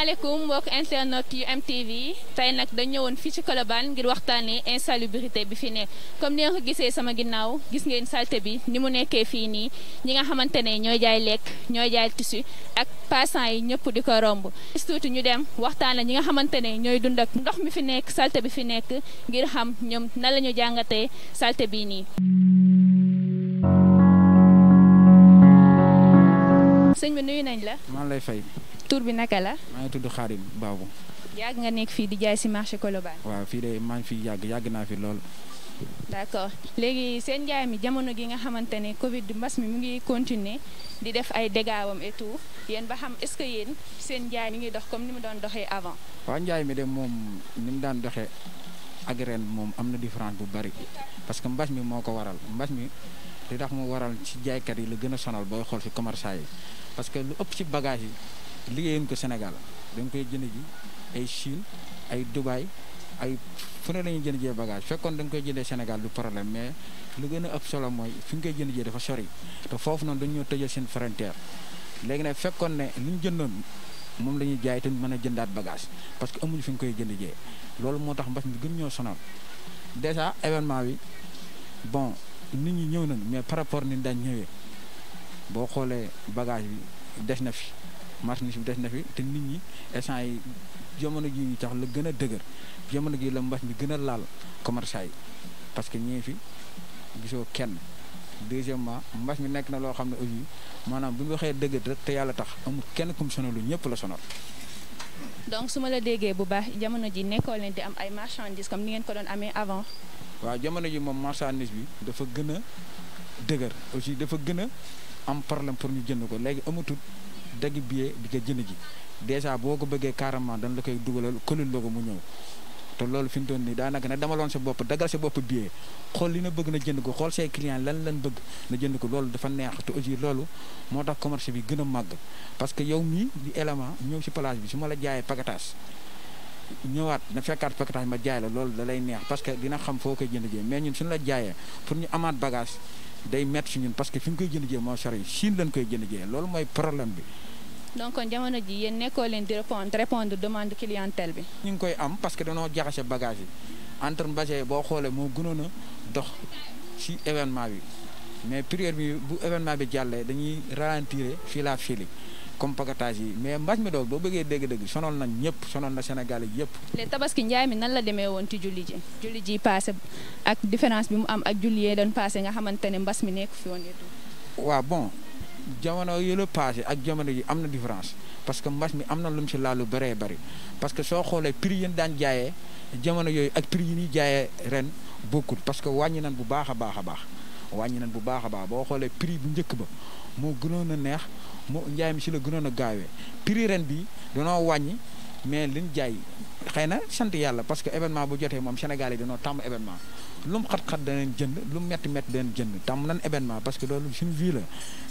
asalaamaaleykum mbokk internet yu MTV tey nag dañ ñëwoon fii ci Colobane ngir waxtaan waxtaanee insalubrité bi fi nekk comme ni nga ko gisee sama ginnaaw gis ngeen saleté bi ni mu nekkee fii nii ñi nga xamante ne ñooy jaay lekk ñooy jaay tissu ak passant yi ñëpp di ko romb. tuuti ñu dem waxtaanee ñi nga xamante ne ñooy dund ak ndox mi fi nekk salte bi fi nekk ngir xam ñoom nan la ñu jàngatee saleté bii nii. sëñ bi nuyu nañ la. maa tur bi naka la. maa ngi tudd Xaadim Baabu. yàgg nga nekk fii di jaay si marché Colobane. waaw fii de maa ngi fi yàgg yàgg naa fi lool. d'accord léegi seen njaay mi jamono gi nga xamante ne Covid mbas mi mu ngi continuer di def ay dégâts wam yéen ba xam est-ce que yéen seen njaay ngi dox comme ni mu doon doxee avant. waaw njaay mi de moom ni mu daan doxee ak ren moom am na différence bu bari parce que mbas mi moo ko waral mbas mi li tax mu waral ci jaaykat yi la gën a sonal booy xool fi commerçant yi parce que lu ëpp ci bagage yi. liggéeyuñ ko Sénégal dañ koy jënd ji ay Chine ay Dubaï ay fu ne la jënd jee bagage fekkoon dañ koy jëndee Sénégal du problème mais lu gën a ëpp solo mooy fi ñu koy jënd jee dafa sori te foofu noonu dañoo ñoo seen frontière léegi nag fekkoon ne lu ñu jëndoon moom la ñuy jaay te mën a jëndaat bagage parce que amuñu fi nga koy jënd jee loolu moo tax mbas mi gën ñoo sonal déjà événement bi bon nit ñi ñëw nañ mais par rapport ni daan ñëwee boo xoolee bagage bi des na fi marchandise bi des na fi te nit ñi instant yi jamono ji ñu tax la gën a dëgër jamono gi la mbas mi gën a laal commerçant yi parce que ñii fi gisoo kenn deuxièmement mbas mi nekk na loo xam ne aussi maanaam bu ñu waxee dëgg te yàlla tax amul kenn kum lu ñëpp la sonal. donc su ma la déggee bu baax jamono ji nekkoo leen di am ay marchandises comme ni ngeen ko doon amee avant. waaw jamono ji moom marchandise bi dafa gën a dëgër aussi dafa gën a am problème pour ñu jënd ko léegi amatul dagg billet di ko jënd ji dèjà boo ko bëggee carrément dañ la koy dugalal këlul la ko mu ñëw te loolu fi mu toll nii daanaka na damaloon sa bopp daggal sa bopp billet xool li na bëgg na jënd ko xool say client lan lan bëgg na jënd ko loolu dafa neex te aussi loolu moo tax commerce bi gën a màgg parce que yow mii di ñëw si place bi su ma la jaayee pagatas ñëwaat na fekkaat pagatas ma jaay la loolu da lay neex parce que dina xam foo koy jënd jee mais ñun la jaayee pour ñu amaat bagage day métti si ñun parce que fi ñu jee moo sori Chine lañ loolu mooy problème bi donc jamono ji yéen nekkoo leen di répondre répondre demande clientèle bi. ñu ngi koy am parce que danoo jaxase bagage yi entre mbase boo xoolee moo gënoon dox ci événement bi mais période bi bu événement bi jàllee dañuy ralentir fii la fili comme paquetage yi mais mbaj mi doo boo bëggee dégg-dégg sonal na ñëpp sonal na Sénégal yi yëpp. léegi tabaski njaay mi nan la demee woon ci julli ji julli ji paase ak différence bi mu am ak julli yee doon paase nga xamante ne mbas mi nekk fi woon et tout. waaw bon. jamono yële passé ak jamono ji am na différence parce que mbas mi am na lu mu si laal lu bëree parce que soo xoolee prix yi daan jaayee jamono yooyu ak prix yi ñuy jaayee ren bokkul parce que wàññi nañ bu baax a baax a baax wàññi nañ bu baax a baax boo xoolee prix bu njëkk ba moo gënoon a neex mu njaay mi si la gënoon a gaawee prix ren bi danoo wàññi mais liñ jaay xay na sant yàlla parce que événement bu jotee moom Sénégal yi danoo tàmm événement. lu mu xat-xat danañ jënd lum metti métti métti danañ jënd tam nan événement parce que loolu suñu vie la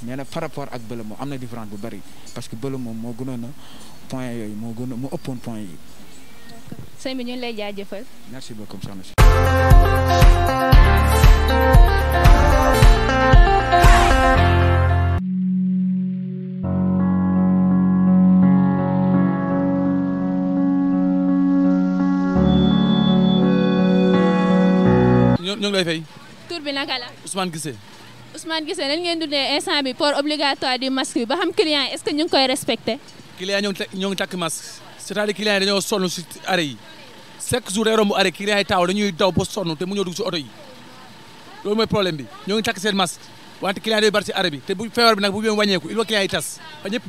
nee na par rapport ak bële moom am na différence bu bëri parce que bële moom moo gënoon a point yooyu moo gën a moo ëppoon point yi. sëñ bi ñu lay jaajëfal. merci beaucoup soxna si. ñoo ngi lay fay. tur bi naka la. Ousmane Guissé. Ousmane Guissé nan ngeen dundee instant bi port obligatoire du masque bi ba xam client est-ce que ñu ngi koy respecté. client ñoo ñoo ngi takk masque cest à yi dañoo sonn si arrêt yi chaque jour romb arrêt client yi taaw dañuy daw ba sonn te mu ñëw dugg si oto yi loolu mooy problème bi ñoo ngi takk seen masque wante client day bari si arrêt te bu bi nag bu ñu wàññeeku il faut client yi tas ba ñëpp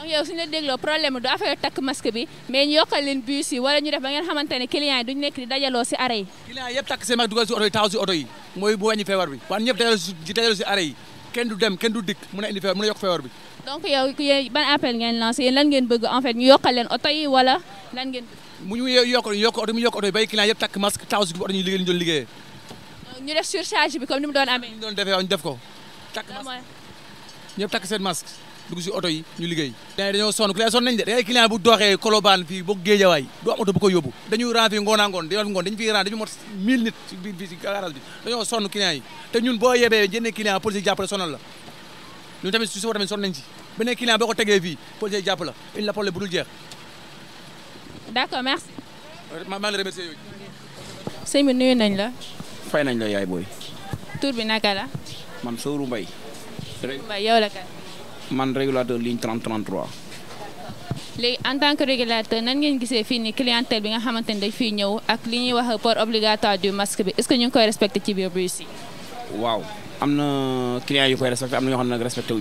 donc yow suñu la dégloo problème du affaire takk masque bi mais ñu yokkal leen bus ñu def ba ngeen xamante ne client yi nekk di dajaloo si arrêt yi client takk seen masque dugal a a yokk feebar bi donc yow yéen ban appel ngeen lancé yéen lan ngeen bëgg en fait ñu yokkal leen oto yi wala lan ngeen mu ñu ñu def surcharge bi comme ni mu doon amee ñu doon defee waaw ñu def ko takk masque dugg si oto yi ñu liggéey client yi dañoo sonn client sonn nañ de ay client bu doxee Colobane fii ba Géejawaay du am oto bu ko yóbbu dañuy ran fii ngoonaa ngoon dañu ngoon dañu fii ran dañu mot mille nit ci biir fii si garage bi dañoo sonn client yi te ñun boo yebee jëndee client police yi jàppale sonal la ñun tamit su soo tamit sonn nañ ci beneen client boo ko tegee fii police yi jàpp la il la problème bu dul jeex d'accord merci maa ngi la remercié yooyu sëñ bi nuyu nañ la fay nañ la yaay booy tur bi naka la man Sooru Mbay Mbay yow la kan man régulateur ligne 3033. léegi en tant que régulateur nan ngeen gisee fii ni clientèle bi nga xamante ni dañ fiy ñëw ak li ñuy wax port obligatoire du masque bi est-ce ngi koy respecté ci biir bus yi. waaw am na clients yu koy respecté am na ñoo xam ne nag respecté ko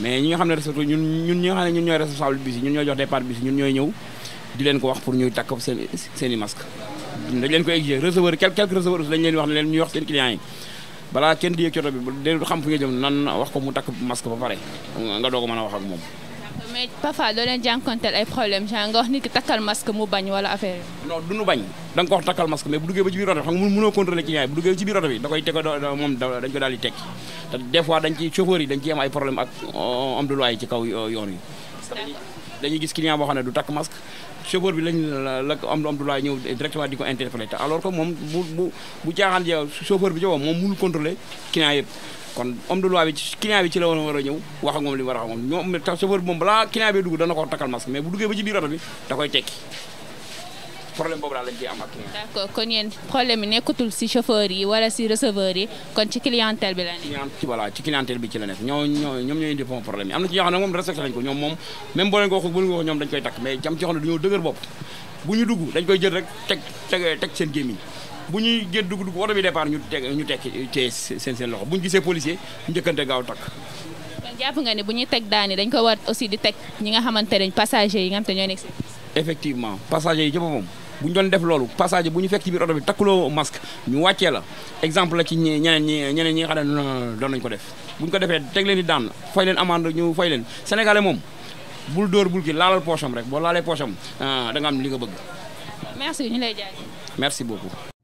mais ñi xam ne respecté ñun ñun ñi nga xam ne ñun ñun ñooy jox départ bus yi ñun ñooy ñëw di leen ko wax pour ñuy takk seen seen i masque dañ leen koy exiger receveur quelques receveurs dañ leen wax ne leen ñuy wax seen clients balaa kenn di yëg coto bi de xam fu nga jëm nan wax ko mu takk masque ba pare nga doog a a wax moom. mais doo leen jànkonteel ay problème genre nga wax nit ki takkal masque mu bañ wala affaire yi. du nu bañ da ko wax takkal masque mais bu duggee ba ci biir bi xam nga mënoo contrôler ci ñaar bu duggee ci biir oto bi da koy teg moom dañ ko daal di tekki te des fois ci chauffeur yi dañ ciy am ay problème ak homme euh, ci kaw euh, yoon yi. dañuy gis client boo xam ne du tak masque chauffeur bi lañ la ko am du am du laay ñëw directement di ko interpellé te alors moom bu bu bu caaxaan yow chauffeur bi ci boppam moom mënul contrôler client kon homme de loi bi ci client bi ci la war a ñëw wax ak moom li mu war a wax moom ñoom bi moom balaa client bi dugg dana ko takkal masque mais bu duggee ba ci biir oto bi da koy problème boobu daal lañ ciy am kon yéen problème bi nekkatul si chauffeur yi wala si receveur yi kon ci clientèle bi la nekk. voilà ci clientèle bi ci la nekk ñoo ñoo ñoom ñooy indi problème yi am na ci ñoo xam ne moom respecté lañ ko ñoom moom koy takk mais jam ci xam ne dañoo dëgër bopp bu ñu dugg dañ koy jël rek teg teg teg bu ñuy génn dugg dugg oto bi départ ñu teg ñu tekki téye seen seen loxo bu ñu gisee policier ñu njëkkante gaaw takk kon nga ne bu ñu teg daani dañ ko war aussi di teg ñi nga xamante ne passager yi nga xam te ñoo nekk effectivement passager yi bu ñu doon def loolu passage bu ñu fekk ci biir oto bi takkuloo masque ñu wàccee la exemple la ci ñeneen ñi ñeneen ñi nga xam ne doon nañ ko def bu ñu ko defee teg leen di daan fay leen amande ñu fay leen sénégalais moom bul dóor bul ki laalal poosam rek boo laalee poosam ah, da nga am li nga bëgg. merci ñu lay jaajëf. merci beaucoup.